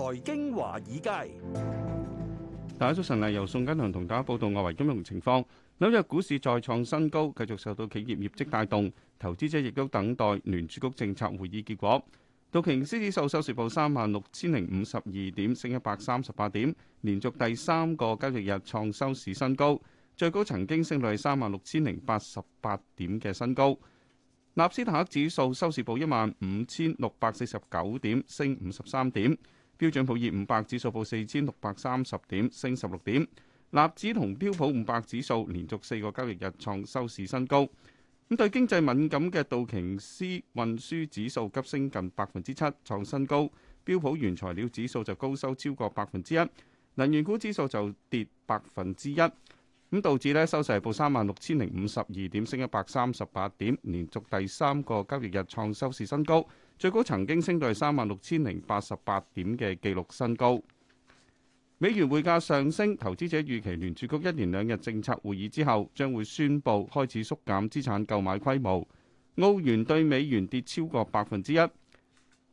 財經華爾街，大家早晨啊！由宋嘉良同大家報道外圍金融情況。紐約股市再創新高，繼續受到企業業績帶動，投資者亦都等待聯儲局政策會議結果。道瓊斯指數收市報三萬六千零五十二點，升一百三十八點，連續第三個交易日創收市新高，最高曾經升到三萬六千零八十八點嘅新高。納斯達克指數收市報一萬五千六百四十九點，升五十三點。標準普爾五百指數報四千六百三十點，升十六點。納指同標普五百指數連續四個交易日創收市新高。咁對經濟敏感嘅道瓊斯運輸指數急升近百分之七，創新高。標普原材料指數就高收超過百分之一，能源股指數就跌百分之一。咁道指呢收市報三萬六千零五十二點，升一百三十八點，連續第三個交易日創收市新高。最高曾經升到三萬六千零八十八點嘅記錄新高。美元匯價上升，投資者預期聯儲局一連兩日政策會議之後，將會宣布開始縮減資產購買規模。澳元對美元跌超過百分之一，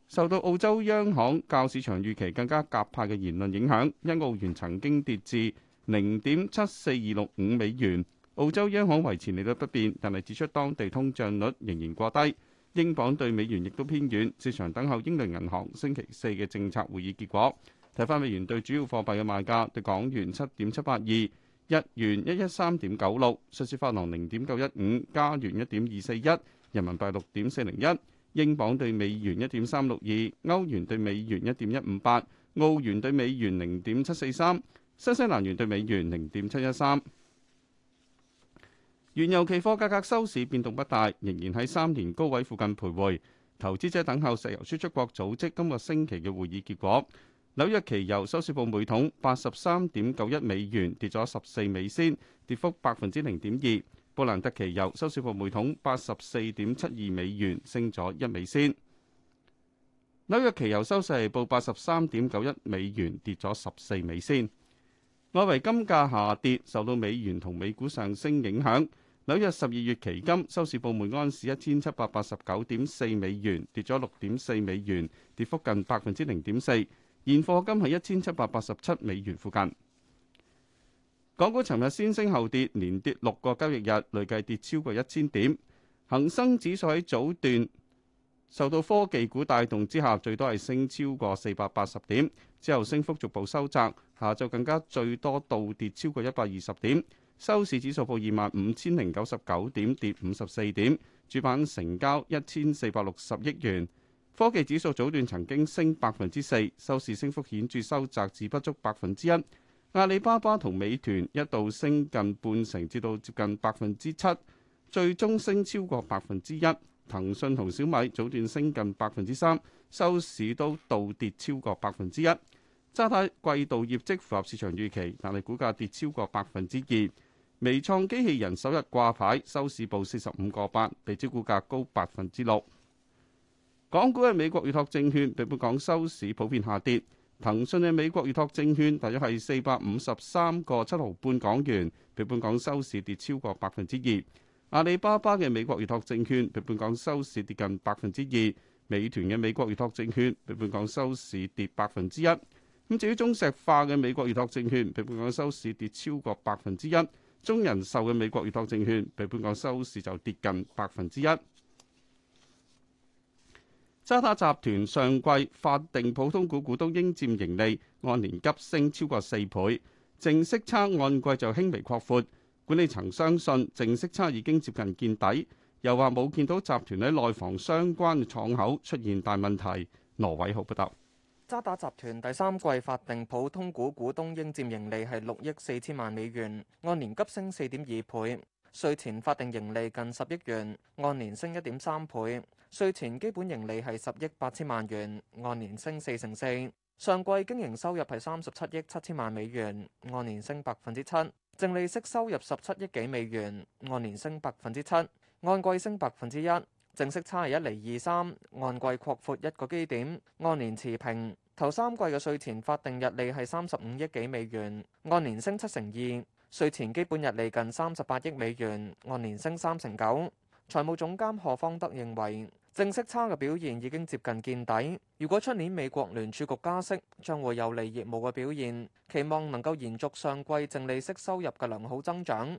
受到澳洲央行較市場預期更加鴿派嘅言論影響，因澳元曾經跌至零點七四二六五美元。澳洲央行維持利率不變，但係指出當地通脹率仍然過低。英鎊對美元亦都偏軟，市場等候英倫銀行星期四嘅政策會議結果。睇返美元對主要貨幣嘅賣價：對港元七點七八二，日元一一三點九六，瑞士法郎零點九一五，加元一點二四一，人民幣六點四零一，英鎊對美元一點三六二，歐元對美元一點一五八，澳元對美元零點七四三，新西蘭元對美元零點七一三。原油期貨價格收市變動不大，仍然喺三年高位附近徘徊。投資者等候石油輸出國組織今個星期嘅會議結果。紐約期油收市報每桶八十三點九一美元，跌咗十四美仙，跌幅百分之零點二。布蘭特期油收市報每桶八十四點七二美元，升咗一美仙。紐約期油收市報八十三點九一美元，跌咗十四美仙。外圍金價下跌，受到美元同美股上升影響。紐約十二月期金收市報每安士一千七百八十九點四美元，跌咗六點四美元，跌幅近百分之零點四。現貨金喺一千七百八十七美元附近。港股尋日先升後跌，連跌六個交易日，累計跌超過一千點。恒生指數喺早段受到科技股帶動之下，最多係升超過四百八十點，之後升幅逐步收窄，下晝更加最多倒跌超過一百二十點。收市指數報2萬五千零九十九點，跌五十四點，主板成交一千四百六十億元。科技指數早段曾經升百分之四，收市升幅顯著收窄至不足百分之一。阿里巴巴同美團一度升近半成，至到接近百分之七，最終升超過百分之一。騰訊同小米早段升近百分之三，收市都倒跌超過百分之一。渣打季度業績符合市場預期，但係股價跌超過百分之二。微創機器人首日掛牌，收市報四十五個八，比招股價高百分之六。港股嘅美國預託證券比本港收市普遍下跌。騰訊嘅美國預託證券大約係四百五十三個七毫半港元，比本港收市跌超過百分之二。阿里巴巴嘅美國預託證券比本港收市跌近百分之二。美團嘅美國預託證券比本港收市跌百分之一。咁至於中石化嘅美國預託證券比本港收市跌超過百分之一。中人壽嘅美國預託證券被盤降，本港收市就跌近百分之一。渣打集團上季法定普通股股東應佔盈利按年急升超過四倍，淨息差按季就輕微擴闊，管理層相信淨息差已經接近見底，又話冇見到集團喺內房相關敞口出現大問題，羅偉浩報道。渣打集團第三季法定普通股股東應佔盈利係六億四千萬美元，按年急升四點二倍；稅前法定盈利近十億元，按年升一點三倍；稅前基本盈利係十億八千萬元，按年升四成四。上季經營收入係三十七億七千萬美元，按年升百分之七；淨利息收入十七億幾美元，按年升百分之七，按季升百分之一。正息差係一釐二三，按季擴闊一個基點，按年持平。頭三季嘅稅前法定日利係三十五億幾美元，按年升七成二。稅前基本日利近三十八億美元，按年升三成九。財務總監何方德認為，正息差嘅表現已經接近見底。如果出年美國聯儲局加息，將會有利業務嘅表現，期望能夠延續上季淨利息收入嘅良好增長。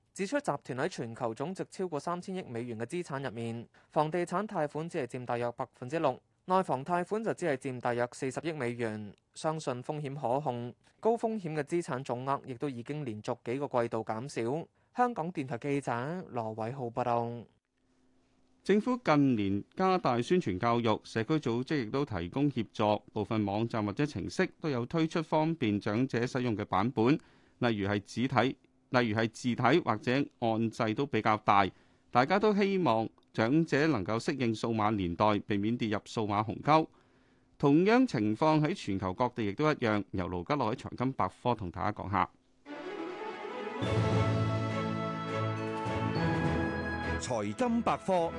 指出集團喺全球總值超過三千億美元嘅資產入面，房地產貸款只係佔大約百分之六，內房貸款就只係佔大約四十億美元。相信風險可控，高風險嘅資產總額亦都已經連續幾個季度減少。香港電台記者羅偉浩報道。政府近年加大宣傳教育，社區組織亦都提供協助，部分網站或者程式都有推出方便長者使用嘅版本，例如係紙體。例如係字體或者按掣都比較大，大家都希望長者能夠適應數碼年代，避免跌入數碼鴻溝。同樣情況喺全球各地亦都一樣。由盧家樂喺財金百科同大家講下財金百科。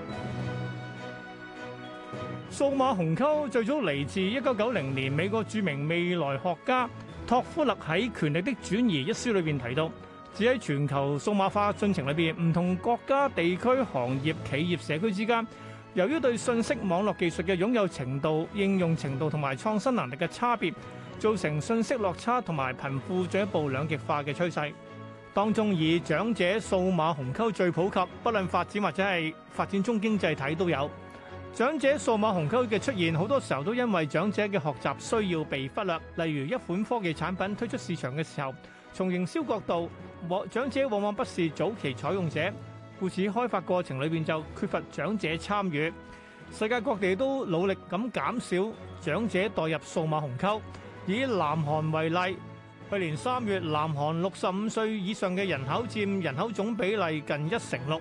數碼鴻溝最早嚟自一九九零年，美國著名未來學家托夫勒喺《權力的轉移》一書裏面提到。只喺全球數碼化進程裏邊，唔同國家、地區、行業、企業、社區之間，由於對信息網絡技術嘅擁有程度、應用程度同埋創新能力嘅差別，造成信息落差同埋貧富進一步兩極化嘅趨勢，當中以長者數碼鴻溝最普及，不論發展或者係發展中經濟體都有長者數碼鴻溝嘅出現。好多時候都因為長者嘅學習需要被忽略，例如一款科技產品推出市場嘅時候，從營銷角度。長者往往不是早期採用者，故此開發過程裏面就缺乏長者參與。世界各地都努力咁減少長者代入數碼鴻溝。以南韓為例，去年三月南韓六十五歲以上嘅人口佔人口總比例近一成六。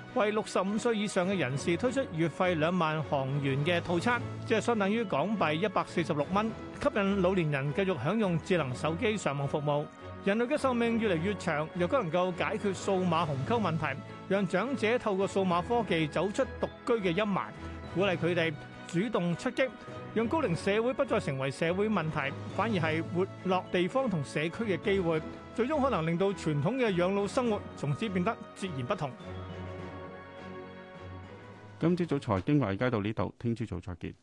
為六十五歲以上嘅人士推出月費兩萬韓元嘅套餐，即係相當於港幣一百四十六蚊，吸引老年人繼續享用智能手機上網服務。人類嘅壽命越嚟越長，若果能夠解決數碼鴻溝問題，讓長者透過數碼科技走出獨居嘅陰霾，鼓勵佢哋主動出擊，讓高齡社會不再成為社會問題，反而係活落地方同社區嘅機會，最終可能令到傳統嘅養老生活從此變得截然不同。今朝早財經華爾街到呢度，聽朝早再見。